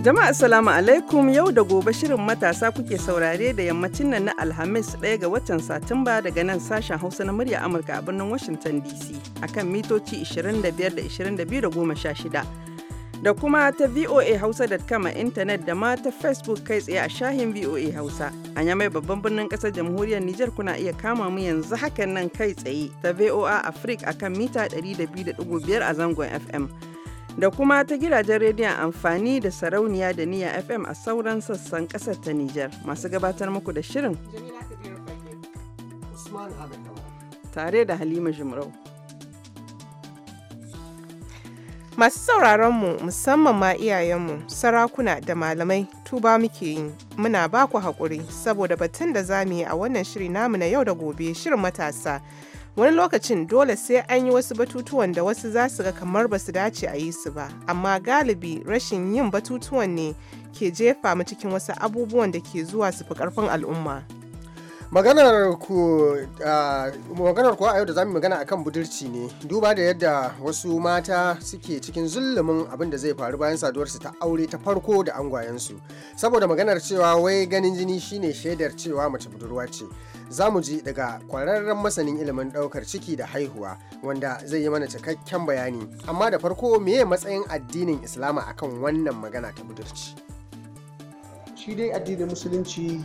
Jama'a Assalamu alaikum yau da gobe shirin matasa kuke saurare da yammacin nan na Alhamis ɗaya ga watan Satumba daga nan sashen Hausa na murya Amurka a birnin Washington DC akan mitoci 25 da 22 da 16. Da kuma ta VOA Hausa.com a intanet da ma ta Facebook kai tsaye a shahin VOA Hausa. A yamai babban birnin ƙasar jamhuriyar Nijar kuna iya kama mu yanzu hakan nan kai tsaye ta VOA Africa akan mita 102.5 a zangon FM. da kuma ta gidajen rediyon amfani da sarauniya da niya fm a sauran sassan kasar ta Nijar masu gabatar muku da shirin tare da halima jimrau masu sauraronmu musamman ma iyayenmu sarakuna da malamai tuba muke yi muna baku ku haƙuri saboda batun da za mu yi a wannan shiri namu na yau da gobe shirin matasa wani lokacin dole sai an yi wasu batutuwan da wasu za su ga kamar ba su dace a yi su ba amma galibi rashin yin batutuwan ne ke jefa mu cikin wasu abubuwan da ke zuwa su fi karfin al'umma maganar ku a yau da mu magana a kan budurci ne duba da yadda wasu mata suke cikin zullumin abin da zai faru bayan saduwarsu ta aure ta farko da angwayensu saboda maganar cewa wai ganin jini shine shaidar cewa mace budurwa ce za mu ji daga kwararren masanin ilimin ɗaukar ciki da haihuwa wanda zai yi mana cikakken bayani amma da farko meye matsayin addinin islama akan wannan magana ta budurci shi dai addinin musulunci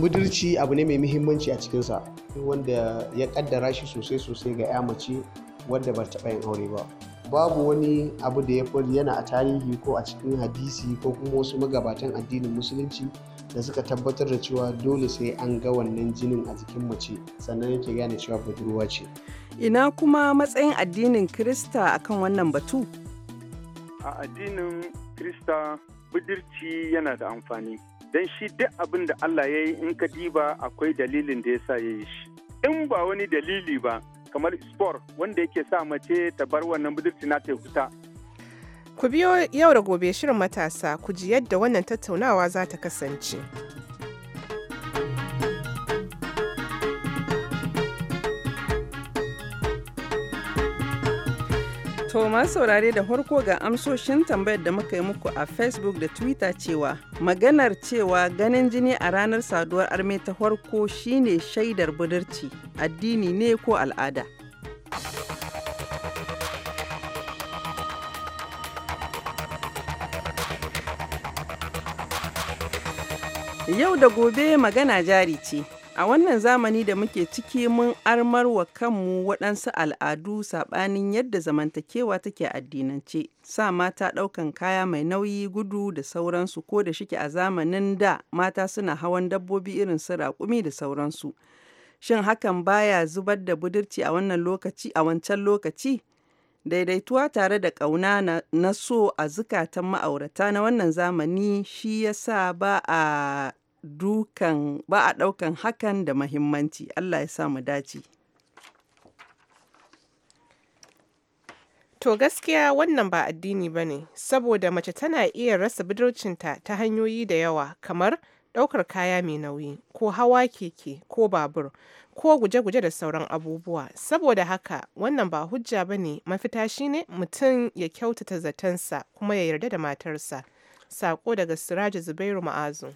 budurci abu ne mai muhimmanci a cikinsa wanda ya kaddara shi sosai sosai ga ya mace wadda ba taɓa yin aure ba babu wani abu da ya yana a tarihi ko a cikin hadisi ko kuma wasu magabatan addinin musulunci da suka tabbatar da cewa dole sai an ga wannan jinin a jikin mace sannan yake gane cewa budurwa ce ina kuma matsayin addinin krista akan wannan batu a addinin krista budurci yana da amfani don shi duk abin da allah ya yi in ka diba akwai dalilin da ya sa ya yi shi in ba wani dalili ba kamar sport wanda yake sa mace ta bar wannan budurci na ta huta Ku biyo yau da gobe shirin matasa ku ji yadda wannan tattaunawa za ta kasance. To saurare da harko ga amsoshin tambayar da muka yi muku a Facebook da Twitter cewa maganar cewa ganin jini a ranar saduwar arme ta farko shine shaidar budurci addini ne ko al'ada. Yau da gobe magana jari ce. A wannan zamani da muke ciki mun armar wa kanmu waɗansu al'adu saɓanin yadda zamantakewa take addinance, sa mata ɗaukan kaya mai nauyi gudu da sauransu ko da shike a zamanin da mata suna hawan dabbobi irin su raƙumi da sauransu. Shin hakan baya zubar da budurci a wannan lokaci a wancan lokaci? daidaituwa tare da ƙauna na so a zukatan ma'aurata na wannan zamani shi yasa ba a dukan ba a ɗaukan hakan da mahimmanci Allah ya sa mu dace. To gaskiya wannan ba addini ba ne, saboda mace tana iya rasa budurcinta ta hanyoyi da yawa, kamar ɗaukar kaya mai nauyi ko hawa keke ko babur ko guje-guje da sauran abubuwa saboda haka wannan ba hujja ba ne mafita ne, mutum ya kyautata zatensa kuma ya yarda da matarsa sako daga siraji zubairu ma'azu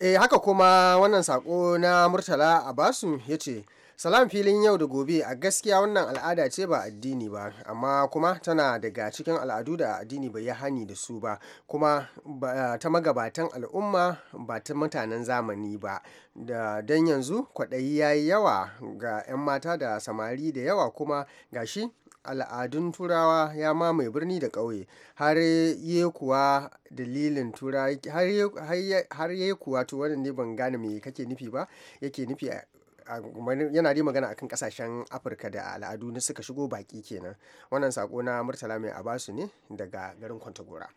e haka kuma wannan sako na murtala abasu ya ce salam filin yau da gobe a gaskiya wannan al'ada ce ba addini ba amma kuma tana daga cikin al'adu da addini bai ya hani da su ba kuma ta magabatan al'umma ba ta mutanen zamani ba da don yanzu kwaɗayi ya yi yawa ga 'yan mata da samari da yawa kuma gashi al'adun turawa ya mamaye birni da ƙauye har ye kuwa dalilin turawa har ye kuwa to wannan ne ban gane me kake nufi ba yake nufi yana dai magana akan kasashen afirka da al'adu na suka shigo baki kenan wannan sako na murtala mai abasu ne daga garin kwantagora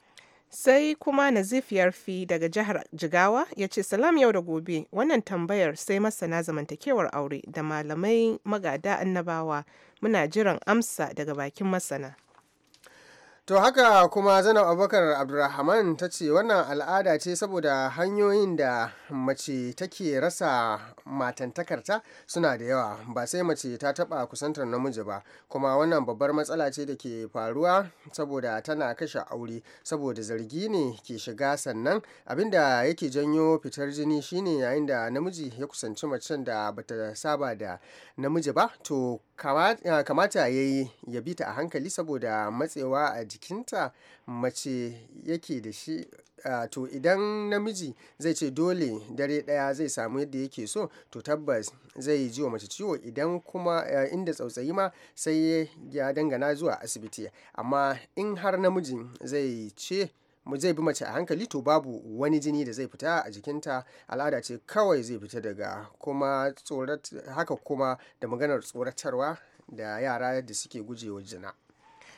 sai kuma nazif yarfi daga jihar jigawa ya ce salam yau da gobe wannan tambayar sai masana zamantakewar aure da malamai magada annabawa muna jiran amsa daga bakin masana To haka kuma Zana Abubakar Abdulrahman ta ce wannan al'ada ce saboda hanyoyin da mace take rasa matantakarta suna da yawa ba sai mace ta taba kusantar namiji ba kuma wannan babbar matsala ce da ke faruwa saboda tana kashe aure saboda zargi ne ke shiga sannan abinda yake janyo fitar jini shine yayin da namiji ya kusanci macen da bata saba da namiji ba to Eh, kamata ya yi ya bi ta a hankali saboda matsewa a jikinta mace yake da shi to idan namiji zai ce dole dare daya zai samu yadda yake so to tabbas zai ji wa mace ciwo idan kuma eh, inda tsautsayi ma sai ya dangana zuwa asibiti amma in har namiji zai ce mu zai bi mace a hankali to babu wani jini da zai fita a jikinta al'ada ce kawai zai fita daga kuma haka kuma da maganar tsoratarwa da yara da suke gujewa jina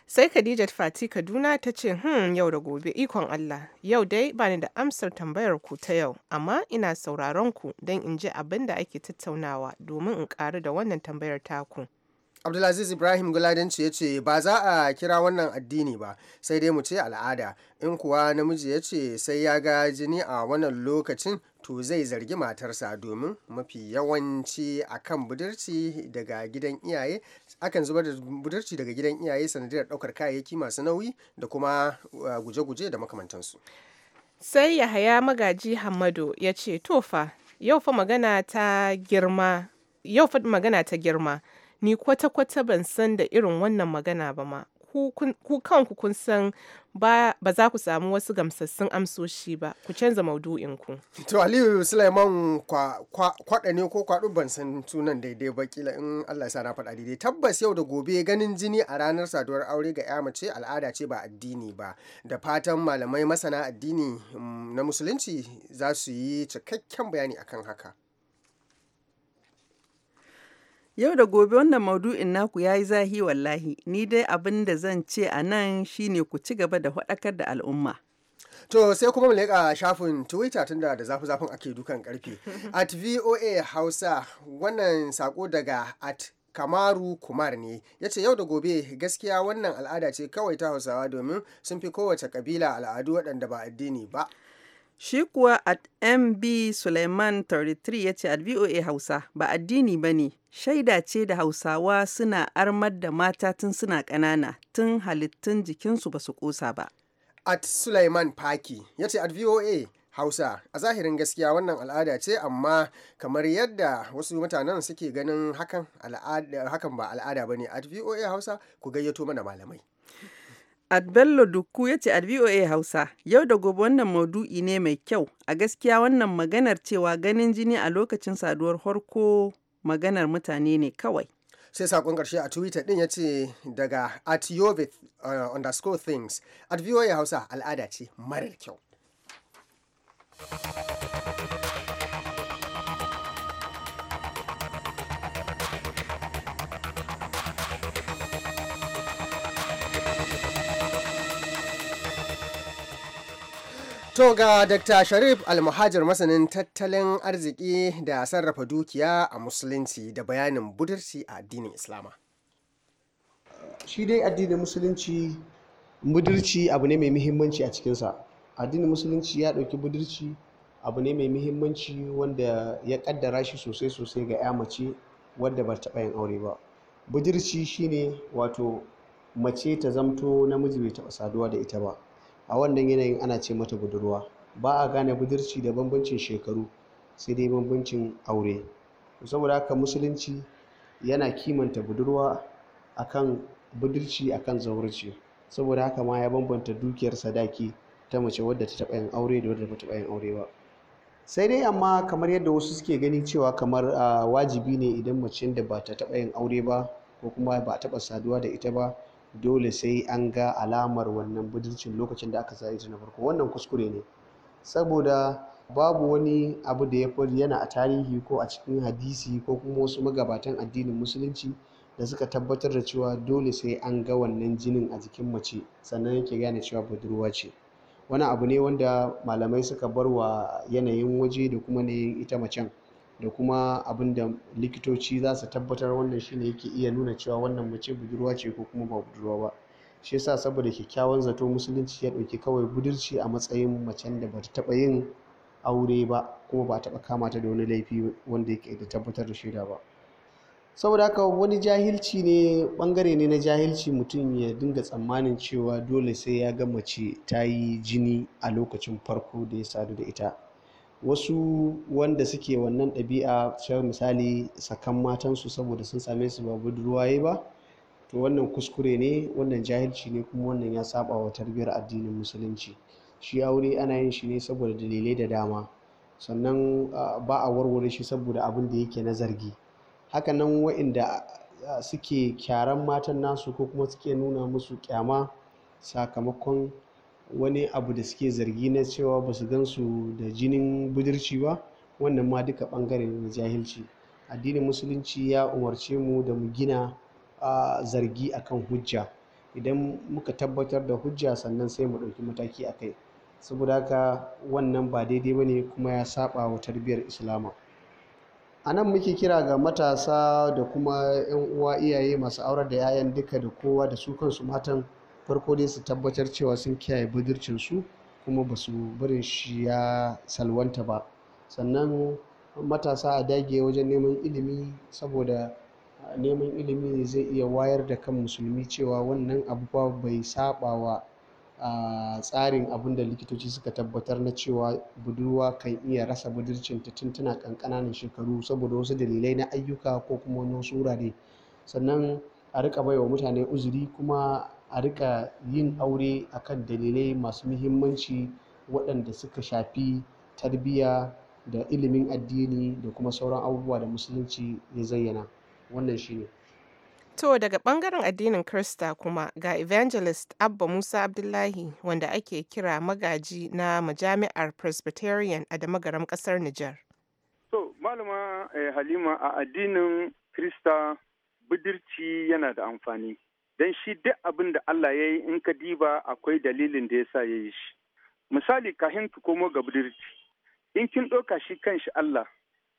sai khadijat fati kaduna ta ce hmm yau da gobe ikon allah yau dai bani da amsar tambayar ku ta yau amma ina sauraron ku don in ji abin da ake tattaunawa domin in karu da wannan tambayar taku abdulaziz ibrahim guladanci ya ce ba za a kira wannan addini ba sai dai mu ce al'ada in kuwa namiji ya ce sai ya ga jini a wannan lokacin to zai zargi matarsa domin mafi yawanci akan budurci daga gidan iyaye akan zubar da budurci daga gidan iyaye sanadiyar daukar kayayyaki masu nauyi da kuma uh, guje-guje da makamantansu sai yahaya magaji hamadu ya ce tofa yau yau fa magana ta girma ni kwata-kwata ban san da irin wannan magana ba ma ku kanku kun san ba za ku samu wasu gamsassun amsoshi ba ku canza maudu'in ku to aliyu sulaiman kwaɗa ne ko kwaɗo ban san sunan daidai ba kila in allah sa na faɗa daidai tabbas yau da gobe ganin jini a ranar saduwar aure ga ya mace al'ada ce ba addini ba da fatan malamai masana addini mm, na musulunci za su yi cikakken bayani akan haka Yau da gobe wannan maudu'in naku ya yi zahi wallahi, ni dai abin da zan ce a nan shine ku ci gaba da faɗakar da al'umma. To sai kuma mu leƙa shafin Twitter tunda da zafi-zafin ake dukan karfe. At VOA Hausa wannan sako daga at kamaru kumar ne ya ce yau da gobe gaskiya wannan al'ada ce kawai ta hausawa domin sun fi kowace kabila al'adu waɗanda ba addini ba Shi kuwa Suleiman 33 ya ce VOA Hausa ba addini ba ne, shaida ce da Hausawa suna armar da mata tun suna ƙanana, tun halittun jikinsu ba su ƙosa ba. At Sulaiman Paki ya ce at VOA Hausa a zahirin gaskiya wannan al'ada ce amma kamar yadda wasu mutanen suke ganin hakan, hakan ba al'ada ba ne at VOA Hausa ku gayyato mana malamai. adbello duku Dukku ya ce a Hausa, yau da gobe wannan maudu'i ne mai kyau, a gaskiya wannan maganar cewa ganin jini a lokacin saduwar horko maganar mutane ne kawai. sai saƙon ƙarshe a twitter ɗin ya ce daga at yovith uh, underscore things at voa hausa al'ada ce marar kyau To ga Dr. Sharif Almuhajir masanin tattalin arziki da sarrafa dukiya a musulunci da bayanin budurci a addinin Islama. Shi dai addinin musulunci budurci abu ne mai muhimmanci a cikinsa. Addinin musulunci ya ɗauki budurci abu ne mai muhimmanci wanda ya ƙaddara shi sosai-sosai ga 'ya mace wadda ba taɓa yin aure ba. Budurci shine wato mace ta zamto namiji bai taɓa saduwa da ita ba. a wannan yanayin ana ce mata budurwa ba a gane budurci da bambancin shekaru sai dai bambancin aure saboda haka musulunci yana kimanta budurwa akan budurci akan zaurci saboda haka ma ya bambanta dukiyar sadaki ta mace wadda ta taɓa yin aure da wadda ta taɓa yin aure ba sai dai amma kamar yadda wasu suke gani cewa kamar ah, wajibi ne idan mace da ba ta taɓa yin aure ba ko kuma ba a taɓa saduwa da ita ba dole sai an ga alamar wannan budurcin lokacin da aka sayi ta na farko wannan kuskure ne saboda babu wani abu da ya yana a tarihi ko a cikin hadisi ko kuma wasu magabatan addinin musulunci da suka tabbatar da cewa dole sai an ga wannan jinin a jikin mace sannan yake gane cewa budurwa ce wani abu ne wanda malamai suka bar wa yanayin waje da kuma ne ita macen da kuma abinda likitoci za su tabbatar wannan shine yake iya nuna cewa wannan mace budurwa ce ko kuma ba budurwa ba shi yasa saboda kyakkyawan zato musulunci ya ɗauki kawai budurci a matsayin macen da bata taɓa yin aure ba kuma ba a taɓa kama ta da wani laifi wanda yake da tabbatar da shaida ba saboda haka wani jahilci ne bangare ne na jahilci mutum ya dinga tsammanin cewa dole sai ya ga mace ta yi jini a lokacin farko da ya sadu da ita wasu wanda suke wannan ɗabi'a shawar misali sakan matansu saboda sun same su ba budurwaye ba to wannan kuskure ne wannan jahilci ne kuma wannan ya saba wa tarbiyar addinin musulunci shi aure ana yin shi ne saboda dalilai da dama sannan ba a warware shi saboda abin da yake na zargi nan wa'inda suke kyaran matan nasu ko kuma suke nuna musu kyama sakamakon wani abu da suke zargi na cewa ba su gansu da jinin budurci ba wannan ma duka bangare na jahilci addinin musulunci ya umarce mu da mu gina zargi akan hujja idan muka tabbatar da hujja sannan sai mu ɗauki mataki a kai saboda haka wannan ba daidai ba ne kuma ya saba wa tarbiyyar islama a nan muke kira ga matasa da kuma 'yan uwa iyaye masu aurar da 'ya'yan duka da kowa da su kansu matan farko dai su tabbatar cewa sun kiyaye budurcinsu kuma ba su barin shi ya salwanta ba sannan matasa a dage wajen neman ilimi saboda neman ilimi ne zai iya wayar da kan musulmi cewa wannan abu bai saba wa tsarin abin da likitoci suka tabbatar na cewa budurwa kan iya rasa budurcin ta tun tana kankananan shekaru saboda wasu dalilai na ayyuka ko kuma wani wurare sannan a rika baiwa mutane uzuri kuma a riƙa yin aure akan dalilai masu muhimmanci waɗanda suka shafi tarbiyya da ilimin addini da kuma sauran abubuwa da musulunci ya zayyana wannan shi ne. to daga ɓangaren addinin krista kuma ga evangelist abba musa abdullahi wanda ake kira magaji na majami'ar presbyterian a damagaram kasar nijar to malama eh, halima a addinin krista budurci yana da amfani don shi duk abin da Allah ya yi in ka diba akwai dalilin da ya sa ya yi shi. Misali ka ki komo ga budurci, in kin ɗauka shi kanshi Allah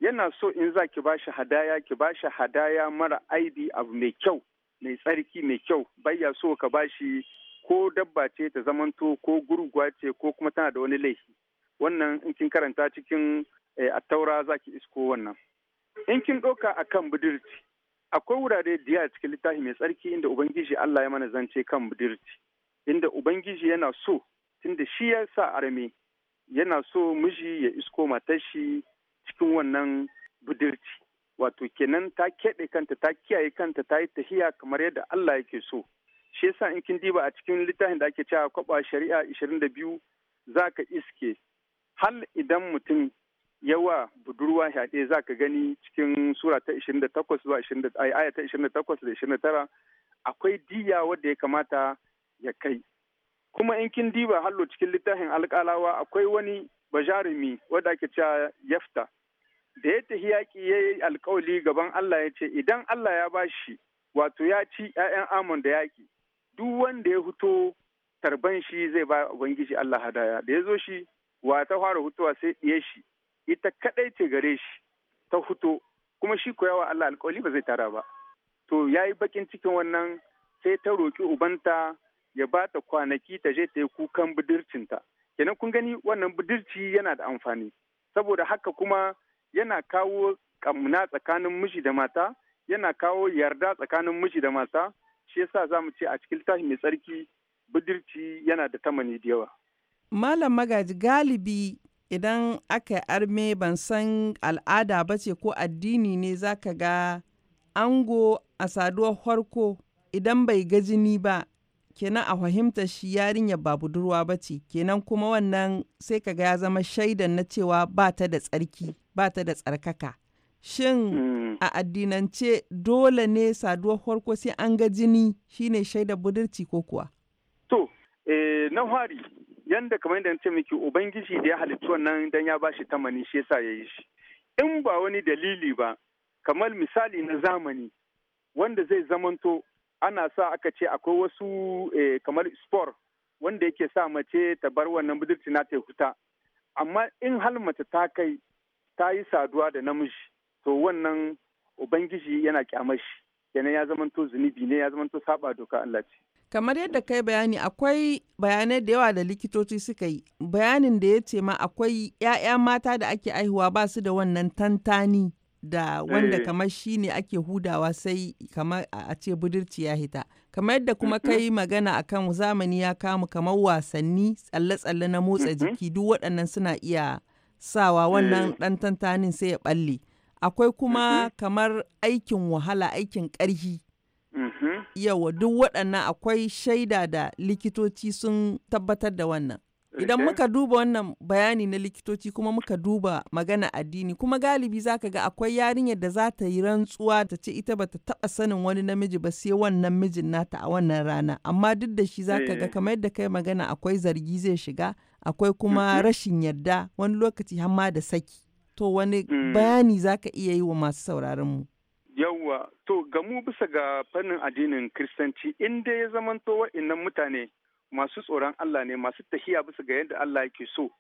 yana so in za ki bashi hadaya ki bashi hadaya mara aibi abu mai kyau mai tsarki mai kyau bayya so ka bashi ko dabba ce ta zamanto ko gurguwa ce ko kuma tana da wani laifi wannan in kin karanta cikin eh, attaura za ki isko wannan in kin ɗauka akan budurci akwai wurare da a cikin littafi mai tsarki inda ubangiji Allah ya mana zance kan budurci inda ubangiji yana so tunda shi ya sa arme yana so miji ya isko matar shi cikin wannan budurci wato kenan ta keɗe kanta ta kiyaye kanta ta yi tahiya kamar yadda Allah yake so shi yasa in kin diba a cikin littafin da ake cewa kwaba shari'a 22 za ka iske hal idan mutum yawa budurwa shaɗe za ka gani cikin sura ta 28 zuwa aya ta 28 da 29 akwai diya wadda ya kamata ya kai kuma in kin diba hallo cikin littafin alƙalawa akwai wani bajarumi wadda ake cewa yafta da ya tafi yaƙi ya yi alƙawali gaban Allah ya ce idan Allah ya ba shi wato ya ci 'ya'yan amon da yaƙi duk wanda ya hutu tarban shi zai ba ubangiji Allah hadaya da ya zo shi wa ta fara hutuwa sai ɗiye shi ita kadai ce gare shi ta huto kuma shi koyawa Allah alkawali ba zai tara ba to yayi bakin cikin wannan sai ta roki ubanta ya ba ta kwanaki ta je ta yi kukan budurcinta kenan kun gani wannan budurci yana da amfani saboda haka kuma yana kawo kamuna tsakanin miji da mata yana kawo yarda tsakanin miji da mata shi yasa za mu ce a cikin littafi mai tsarki budurci yana da tamani da yawa malam magaji galibi idan aka arme ban san al'ada ba ce ko addini ne za ka ga ango a saduwar farko idan bai ga jini ba kenan a fahimta shi yarinya ba budurwa ba ce kenan kuma wannan sai ka ga ya zama shaidan na cewa ba ta da tsarki ba ta da tsarkaka shin hmm. a addinance dole ne saduwar farko sai an ga jini shine shaidar budurci ko kuwa to eh, na hari yanda kamar yadda ce miki ubangiji da ya halittu wannan dan ya bashi tamani shi yasa ya yi shi in ba wani dalili ba kamar misali na zamani wanda zai zamanto ana sa aka ce akwai wasu eh, kamar sport wanda yake sa mace ta bar wannan budurci na tai huta amma in hal mace ta kai ta yi saduwa da namiji to wannan ubangiji yana kyamashi. shi kenan ya zamanto zunubi ne ya zamanto saba doka Allah ce kamar yadda kai bayani akwai bayanai da yawa da likitoci suka yi bayanin da ya ce ma akwai 'ya'ya mata da ake aihuwa ba su da wannan tantani da wanda eh. kamar shi ne ake hudawa sai kamar a ce budurci ya hita kamar yadda kuma kai mm-hmm. magana akan zamani ya kamu kamar wasanni tsalle-tsalle na motsa mm-hmm. jiki duk waɗannan suna iya sawa wannan eh. ɗan tantanin sai ya ɓalle akwai kuma mm-hmm. kamar aikin wahala aikin ƙarhi mm-hmm. yawa duk waɗannan akwai shaida da likitoci sun tabbatar da wannan idan muka duba wannan bayani na likitoci kuma muka duba magana addini kuma galibi za ka ga akwai yarinyar da za ta yi rantsuwa ta ce ita bata taɓa sanin wani namiji ba sai wannan mijin nata a wannan rana amma duk da shi za ka ga eh. kamar yadda kai magana akwai zargi zai shiga akwai kuma mm-hmm. rashin yarda wani lokaci har ma da saki To wani mm. bayani za ka iya yi wa masu sauraron mu? Yawwa, to mu bisa ga fannin addinin Kiristanci, inda dai ya zamanto wa'innan mutane masu tsoron Allah ne masu tahiya bisa ga yadda Allah yake so.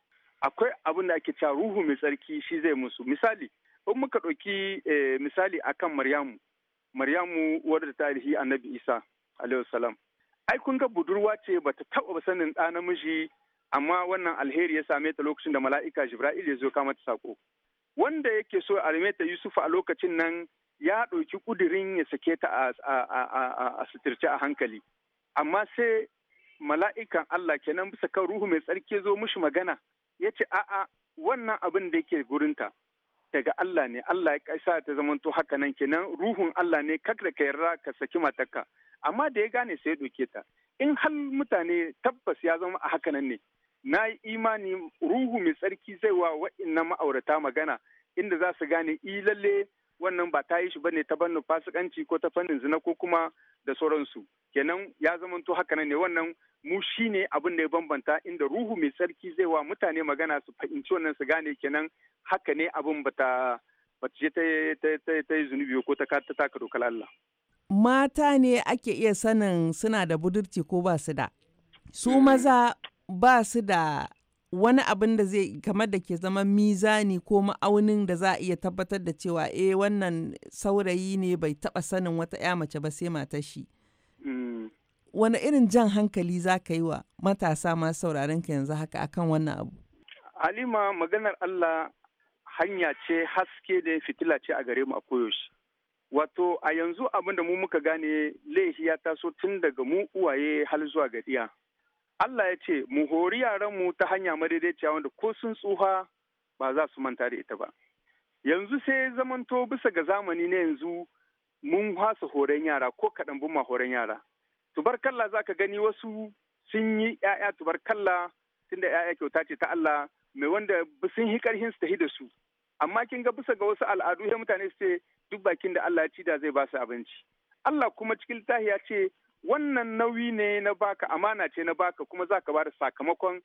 Akwai abin da ake cewa ruhu mai tsarki shi zai musu. Misali, in muka ɗauki eh, misali akan Maryamu, Maryamu wadda da tarihi Annabi Isa alaihi salam. Ai kun ga budurwa ce bata taɓa sanin ɗa namiji amma wannan alheri ya same ta lokacin da mala'ika Jibra'il ya zo kama ta sako. wanda yake so alimeta yusuf a lokacin nan ya ɗauki ƙudirin ya sake ta a suturce a hankali amma sai mala'ikan Allah kenan bisa kan ruhu mai tsarki zo mushi magana ya ce a'a wannan abin da yake gurinta daga Allah ne Allah ya kaisa ta zamanto haka nan kenan ruhun Allah ne kak da ka yarra ka saki matarka amma da ya gane sai ya ɗauke ta in hal mutane tabbas ya zama a haka nan ne na yi imani ruhu mai tsarki zai wa wa'annan ma'aurata magana inda za su gane i lalle wannan ba ta yi shi bane ta fannin fasikanci ko ta fannin zina ko kuma da sauransu kenan ya zamanto haka ne wannan mu shi ne abin da ya bambanta inda ruhu mai tsarki zai wa mutane magana su fahimci wannan su gane kenan haka ne abin ba bata je ta yi zunubi ko ta taka dokar Allah. Mata ne ake iya sanin suna da budurci ko ba su da. Su maza ba su da wani abin da zai kamar da ke zama mizani ko ma'aunin da za a iya tabbatar da cewa eh wannan saurayi ne bai taba sanin wata ya mace ba sai mata shi mm. wani irin jan hankali za ka yi wa matasa masu sauraron ka yanzu haka akan wannan abu halima maganar allah hanya ce haske da fitila ce a gare mu a koyaushe wato a yanzu abin da mu muka gane laifi ya taso tun daga mu uwaye hal zuwa ga Allah ya ce mu hori yaran mu ta hanya madaidaiciya wanda ko sun tsufa ba za su manta da ita ba. Yanzu sai zamanto bisa ga zamani na yanzu mun hasa horon yara ko kaɗan buma horon yara. Tubarkalla za ka gani wasu sun yi ‘ya'ya tubarkalla da ‘ya'ya kyauta ce ta Allah mai wanda sun yi ƙarhin su da su. Amma kin ga bisa ga wasu al'adu sai mutane su ce duk bakin da Allah ya ci da zai ba su abinci. Allah kuma cikin littafi ya ce wannan nauyi ne na baka amana ce na baka kuma za ka da sakamakon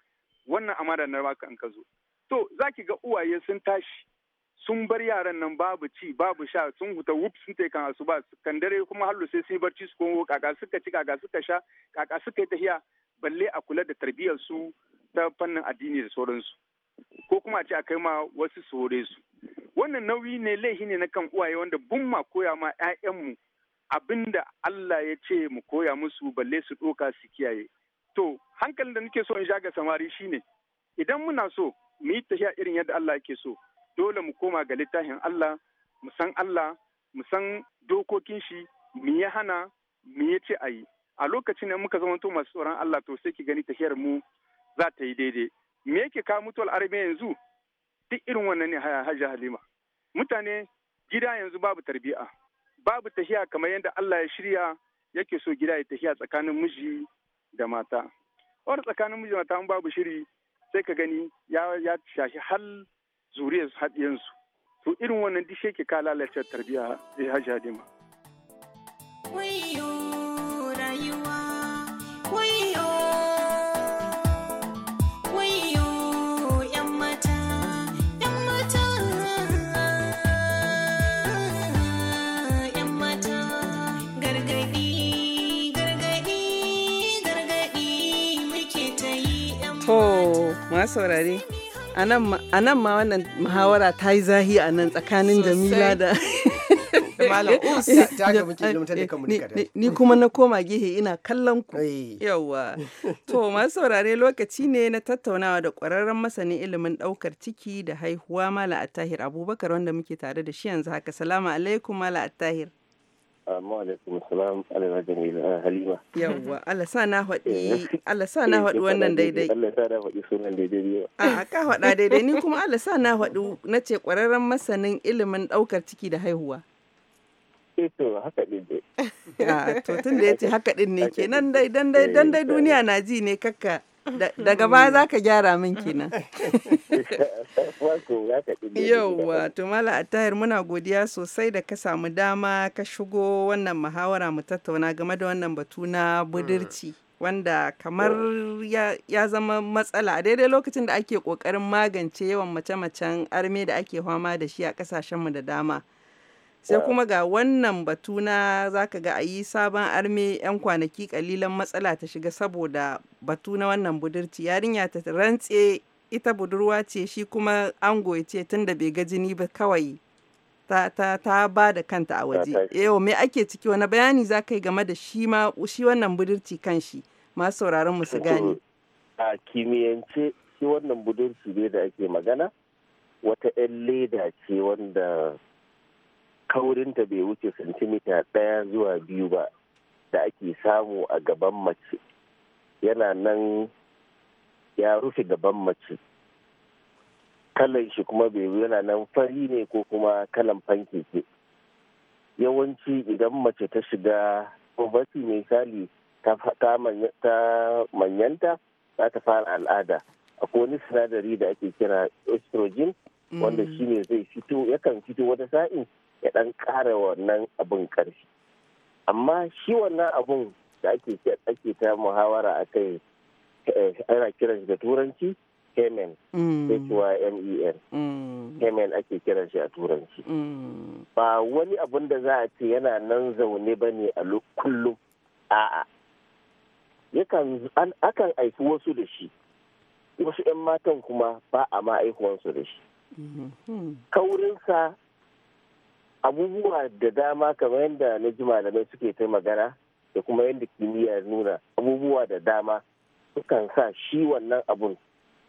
wannan amana na baka an ka zo to za ki ga uwaye sun tashi sun bar yaran nan babu ci babu sha sun huta wuf sun tai kan asuba kan dare kuma hallu sai yi barci su kuma kaka suka ci kaka suka sha kaka suka yi tahiya balle a kula da tarbiyyar su ta fannin addini da sauransu ko kuma a ce a kai ma wasu su hore su wannan nauyi ne laifi ne na kan uwaye wanda bun ma koya ma 'ya'yanmu Abin da Allah ya ce mu koya musu balle su ɗoka su kiyaye. To, hankalin da nake so in sha ga samari ne idan muna so mu yi tafiya irin yadda Allah yake so, dole mu koma ga littafin Allah, mu san Allah, mu san dokokin shi, mu yi hana, mu yi ce a yi. A lokacin da muka zama masu tsoron Allah to sai ki gani tafiyar mu za ta yi daidai. Me yake ka mutuwar arabe yanzu? Duk irin wannan ne Hajji halima. Mutane gida yanzu babu tarbiya. babu tahiya kamar yadda Allah ya shirya yake so gida ya tahiya tsakanin miji da mata wani tsakanin miji da mata in babu shiri sai ka gani ya shashi hal zuriyar haɗiyansu. to irin wannan dishe ke ka lalace tarbiyya zai eh, hajji saurare a nan ma wannan muhawara ta yi zahi a nan tsakanin jamila da ni kuma na koma gehe ina kallon ku eh. yawa to masu saurare lokaci ne na tattaunawa da kwararren masanin ilimin daukar ciki da haihuwa mala attahir abubakar wanda muke tare da shi yanzu haka salamu alaikum mala attahir Amma alaikum salam ala eh, halima. Yawwa Allah sa na faɗi eh. Allah sa na faɗi wannan eh, daidai. Allah sa na faɗi sunan daidai. A ka haɗa daidai ni kuma Allah sa na faɗi na ce ƙwararren masanin ilimin ɗaukar ciki da haihuwa. to haka din dai. To tun da ya ce haka din ne kenan dai dan dai duniya na ji ne kakka. Daga baya za ka gyara min kenan. Yauwa, to Mala Attahir muna godiya sosai da ka samu dama ka shigo wannan muhawara mu tattauna game da wannan batu na budurci. Wanda kamar ya, zama matsala a daidai lokacin da ake ƙoƙarin magance yawan mace-macen arme da ake fama da shi a ƙasashenmu da dama. sai kuma ga wannan batu na zaka ga a yi sabon arme yan kwanaki kalilan matsala ta shiga saboda batu na wannan budurci yarinya ta rantse ita budurwa ce shi kuma ango ya ce da bai ga jini ba kawai ta, ba da kanta a waje yau me ake ciki wani bayani za ka yi game da shi ma shi wannan budurci kan shi ma sauraron mu su gane a kimiyyance shi wannan budurci ne da ake magana wata 'yan leda ce wanda kaurinta bai wuce santimita ɗaya zuwa biyu ba da ake samu a gaban mace yana nan ya rufe gaban mace kalan shi kuma bai yana nan fari ne ko kuma kalan ke yawanci idan mace ta shiga poverty misali ta manyanta za ta fara al'ada akwai wani sinadari da ake kira estrogen mm. wanda shi ne zai fito yakan fito wata sa'in ya dan ƙara wannan abin karfi amma shi wannan abun da ake ake ta muhawara a kai eh, ana kiran shi da turanci hemen mm. h e mm. ake kiran shi a turanci mm. ba wani abun da za a ce yana nan zaune ba ne a kullum a'a yakan akan aiki wasu da shi wasu 'yan matan kuma ba a ma aihuwansu da shi mm-hmm. kaurinsa abubuwa da dama kamar yadda na ji malamai suke ta magana da kuma yadda kimiyya nuna abubuwa da dama sukan sa shi wannan abun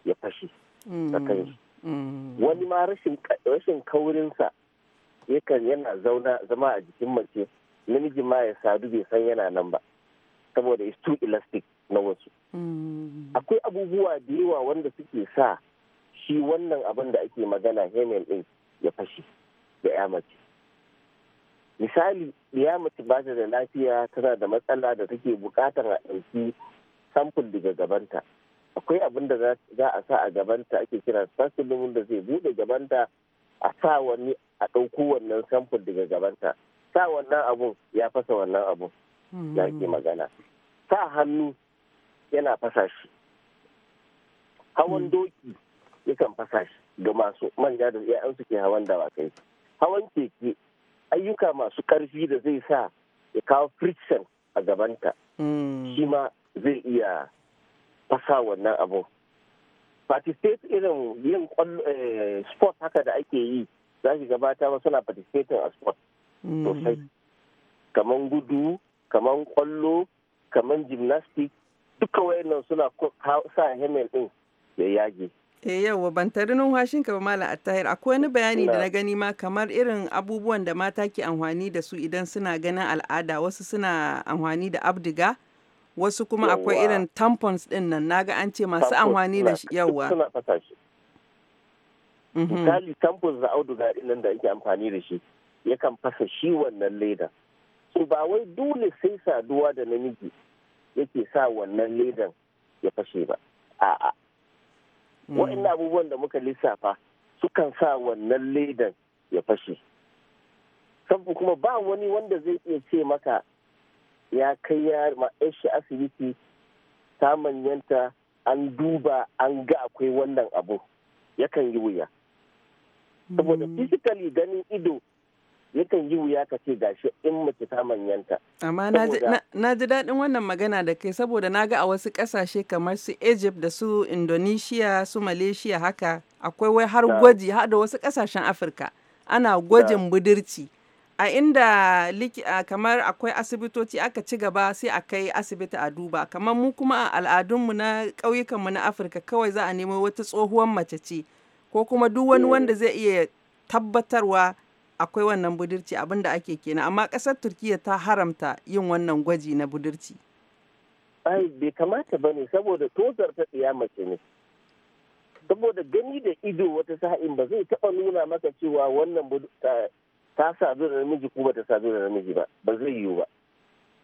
ya fashe mm. mm. wani ma rashin kaurinsa yakan yana zauna zama a jikin mace namiji ma ya sadu bai san yana nan ba saboda is too elastic na wasu mm. akwai abubuwa da yawa wanda suke sa shi wannan abin da ake magana hemel din ya fashe da ya mace misali ya mace ba ta da lafiya tana da matsala da take bukatar a ɗauki samfur daga gabanta akwai abin da za a sa a gabanta ake kira sassilin da zai bude gabanta a sa wani a ɗauko wannan samfur daga gabanta sa wannan abun ya fasa wannan abun ya hmm. ke magana sa hannu yana fasa shi hawan hmm. doki yakan fasa shi ga masu manja da 'ya'yansu ke hawan kai hawan keke ayyuka masu ƙarfi da zai sa ya kawo friction a gabanta hmm. shi ma zai iya fasa wannan abu participate irin yin eh, sport haka da ake yi za shi gabata ba suna participating a sport hmm. sosai kamar gudu kamar kwallo kamar gymnastics duka wayannan suna sa hemel din ya yage Eh yawa ban tari ka ba Malam Attahir akwai wani bayani da na gani ma kamar irin abubuwan da mata ke amfani da su idan suna ganin al'ada wasu suna amfani da abdiga wasu kuma akwai irin tampons din nan naga an ce masu amfani da shi yawa. Suna fasa shi. Mm-hmm. Misali tampons da auduga din nan da ake amfani da shi yakan fasa shi wannan leda su ba wai dole sai saduwa da namiji yake sa wannan ledan ya fashe ba. A'a Mm. wa'annan abubuwan da muka lissafa sukan sa wannan ledan ya fashe sabu kuma ba wani wanda zai iya ce maka ya kai ya shi asibiti ta manyanta an duba an ga akwai wannan abu yakan yi wuya saboda mm. physically ganin ido yakan yi wuya ka ce gashi in mace ta manyanta. Amma na ji daɗin wannan magana da kai saboda na ga a wasu ƙasashe kamar su Egypt da su Indonesia su Malaysia haka akwai wai har gwaji har da wasu ƙasashen Afirka ana gwajin budurci. A inda kamar akwai asibitoci aka ci gaba sai a kai asibiti a duba kamar mu kuma a al'adunmu na ƙauyukanmu na Afirka kawai za a nemo wata tsohuwar mace ce ko kuma duk wani eh. wanda zai iya tabbatarwa akwai wannan budurci abin da ake kenan amma ƙasar turkiya ta haramta yin wannan gwaji na budurci ai bai kamata ba ne saboda tozar ta tsiya mace ne saboda gani da ido wata sa'in ba zai taba nuna maka cewa wannan ta sadu da namiji ko bata sadu da namiji ba ba zai yiwu ba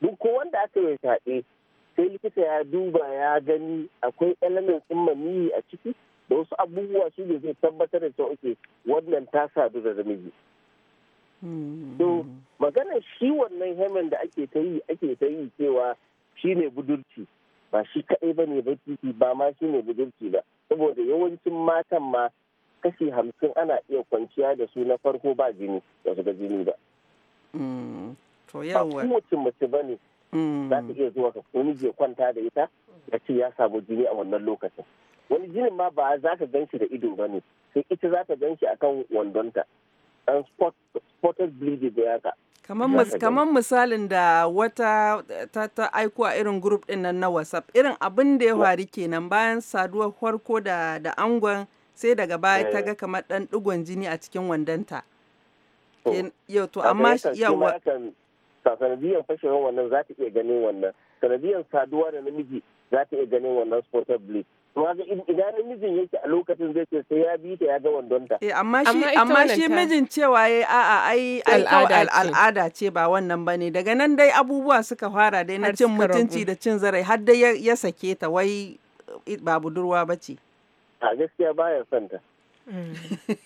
duk ko wanda aka yi fyaɗe sai likita ya duba ya gani akwai elements ɗin maniyi a ciki da wasu abubuwa su ne zai tabbatar da cewa wannan ta sadu da namiji To hmm. magana shi wannan hemen da ake ta yi ake ta yi cewa shi ne budurci ba shi kaɗai ba ne ba titi ba ma shi ne budurci ba saboda yawancin matan ma kashi hamsin ana iya kwanciya da su na farko ba jini ba su ga jini ba. Hmm. To yawa. Ba ba ne hmm. za ta iya zuwa ka wani je kwanta da ita ya ya samu jini a wannan lokacin. Wani jinin ma ba za ka gan shi da ido ba ne sai ita za ta gan shi kan wandonta. ɗan spotted bleeding da yaka. Kamar misalin da wata ta, ta aiko a irin group din nan na WhatsApp, irin abin da ya faru kenan bayan saduwar farko da, da angon sai daga baya ta ga kamar dan digon jini a cikin wandanta. Yau to amma yawa. Sanadiyar fashewar wannan za ta iya ganin wannan, sanadiyar saduwa da namiji za ta iya ganin wannan spotted bleed. waga idan mijin yake a lokacin zai ce sai ya bi ta ya ga wandonta. Eh amma shi amma shi mijin cewa ya a'a ai al'ada ce ba wannan bane daga nan dai abubuwa suka fara dai na cin mutunci da cin zarai har dai ya sake ta wai ba budurwa bace. A gaskiya baya son ta. Hmm.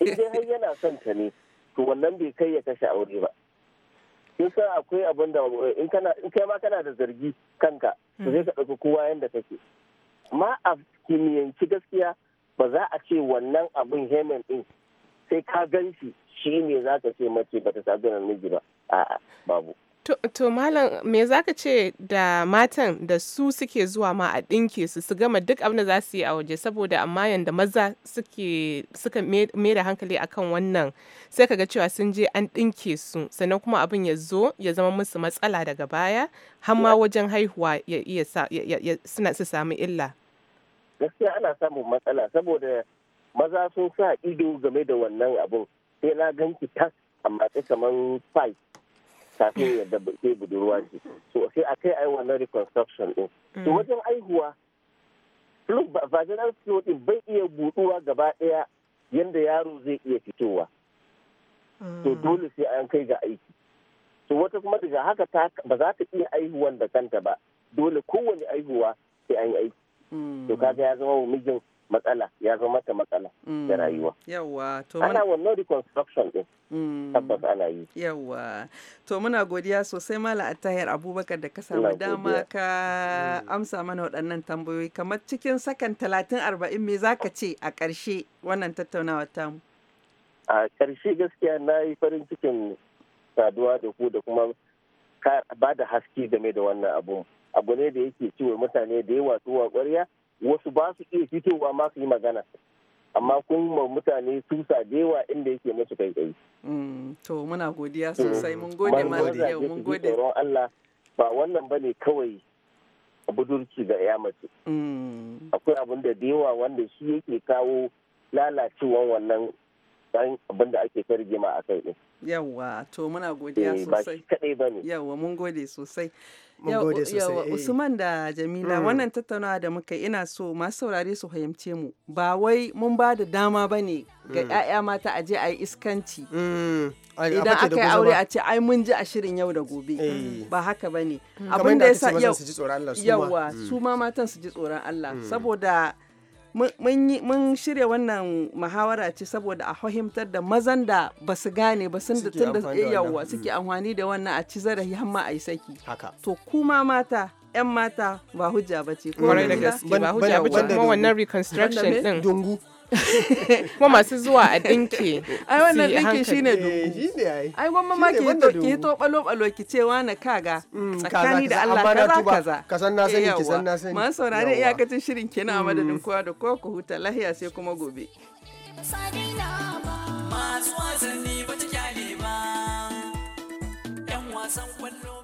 Idan har yana son ta ne to wannan bai kai ya kashe aure ba. in san akwai abin da in kana in kai ma kana da zargi kanka to hmm. sai ka ɗauki kowa yanda kake. amma a kimiyyanci gaskiya ba za a ce wannan abin hemen din sai ka gan shi shi ne za ka ce mace ba ta sadu na miji ba a'a babu To, malam me za ka ce da matan da su suke zuwa ma a ɗinke su su gama duk abin da za su yi a waje saboda amma yanda maza suke suka mai da hankali akan wannan sai ka ga cewa sun je an ɗinke su sannan kuma abin ya zo ya zama musu matsala daga baya har wajen haihuwa ya iya suna su samu illa. Gaskiya ana samun matsala saboda maza sun sa ido game da wannan abun sai na ganki tas amma sai kaman kafin yadda ke budurwa ce so sai a kai ai wannan reconstruction din to mm. wajen aihuwa plus vaginal flow din bai iya buɗuwa gaba daya yanda yaro zai iya fitowa to mm. dole sai an kai ga aiki to wata kuma daga haka ba za ta iya aihuwan da kanta ba dole kowane aihuwa sai an yi aiki mm. to kaga ya zama wa mijin matsala ya zama mata matsala da mm. rayuwa. Yawwa to ana wannan reconstruction din. Mm. Tabbas ana yi. Yawwa to muna godiya sosai mala Attahir Abubakar da ka samu dama ka amsa mana waɗannan tambayoyi kamar cikin sakan talatin arba'in me za ka ce a ƙarshe wannan tattaunawar tamu. A ƙarshe gaskiya na yi farin cikin saduwa da ku da kuma ba da haske game da wannan abu Abu ne da yake ciwo mutane da yawa tuwa ƙwarya wasu ba su iya fitowa ma su yi magana amma kun ma mutane su yawa inda yake musu kai kai mm, to muna godiya sosai mun gode da yau mun gode Allah ba wannan bane kawai budurci ga ya mace mm. akwai abin da da yawa wanda shi yake kawo lalacewan wannan dan abin da ake ta rigima a kai din Yawwa, to muna godiya eh, sosai kadai bane Yawwa, mun gode sosai yawwa eh. usman da jamila mm. wannan tattaunawa da muka ina so masu saurare su fahimce mu ba wai mun ba da dama bane ga 'ya'ya mm. mata a je a yi iskanci mm. idan aka yi aure a ce ai mun ji a shirin yau da gobe eh. ba haka bane abin da yasa yau Yawwa, su ma matan su ji tsoron Allah saboda mun shirya wannan muhawara ce saboda a fahimtar da mazan da ba su gane ba sun tun da yawa suke mm. amfani da wannan a ci zarafi hamma a yi saki to kuma mata 'yan mata ba hujja ba ce. Kwarai da gaske ba hujja ba ce kuma wannan reconstruction din. Dungu. kuma masu zuwa a dinki ai wannan dinki shine dubu eh, ai gwamma ma ki to balo balo ki ce wani kaga mm, tsakani da Allah kaza kaza ka san na sani ki eh, san na sani masu saurare iyakacin shirin kenan a madadin mm. kowa da kowa ku huta lahiya sai kuma gobe masu wasanni ba ta kyale ba 'yan wasan kwallo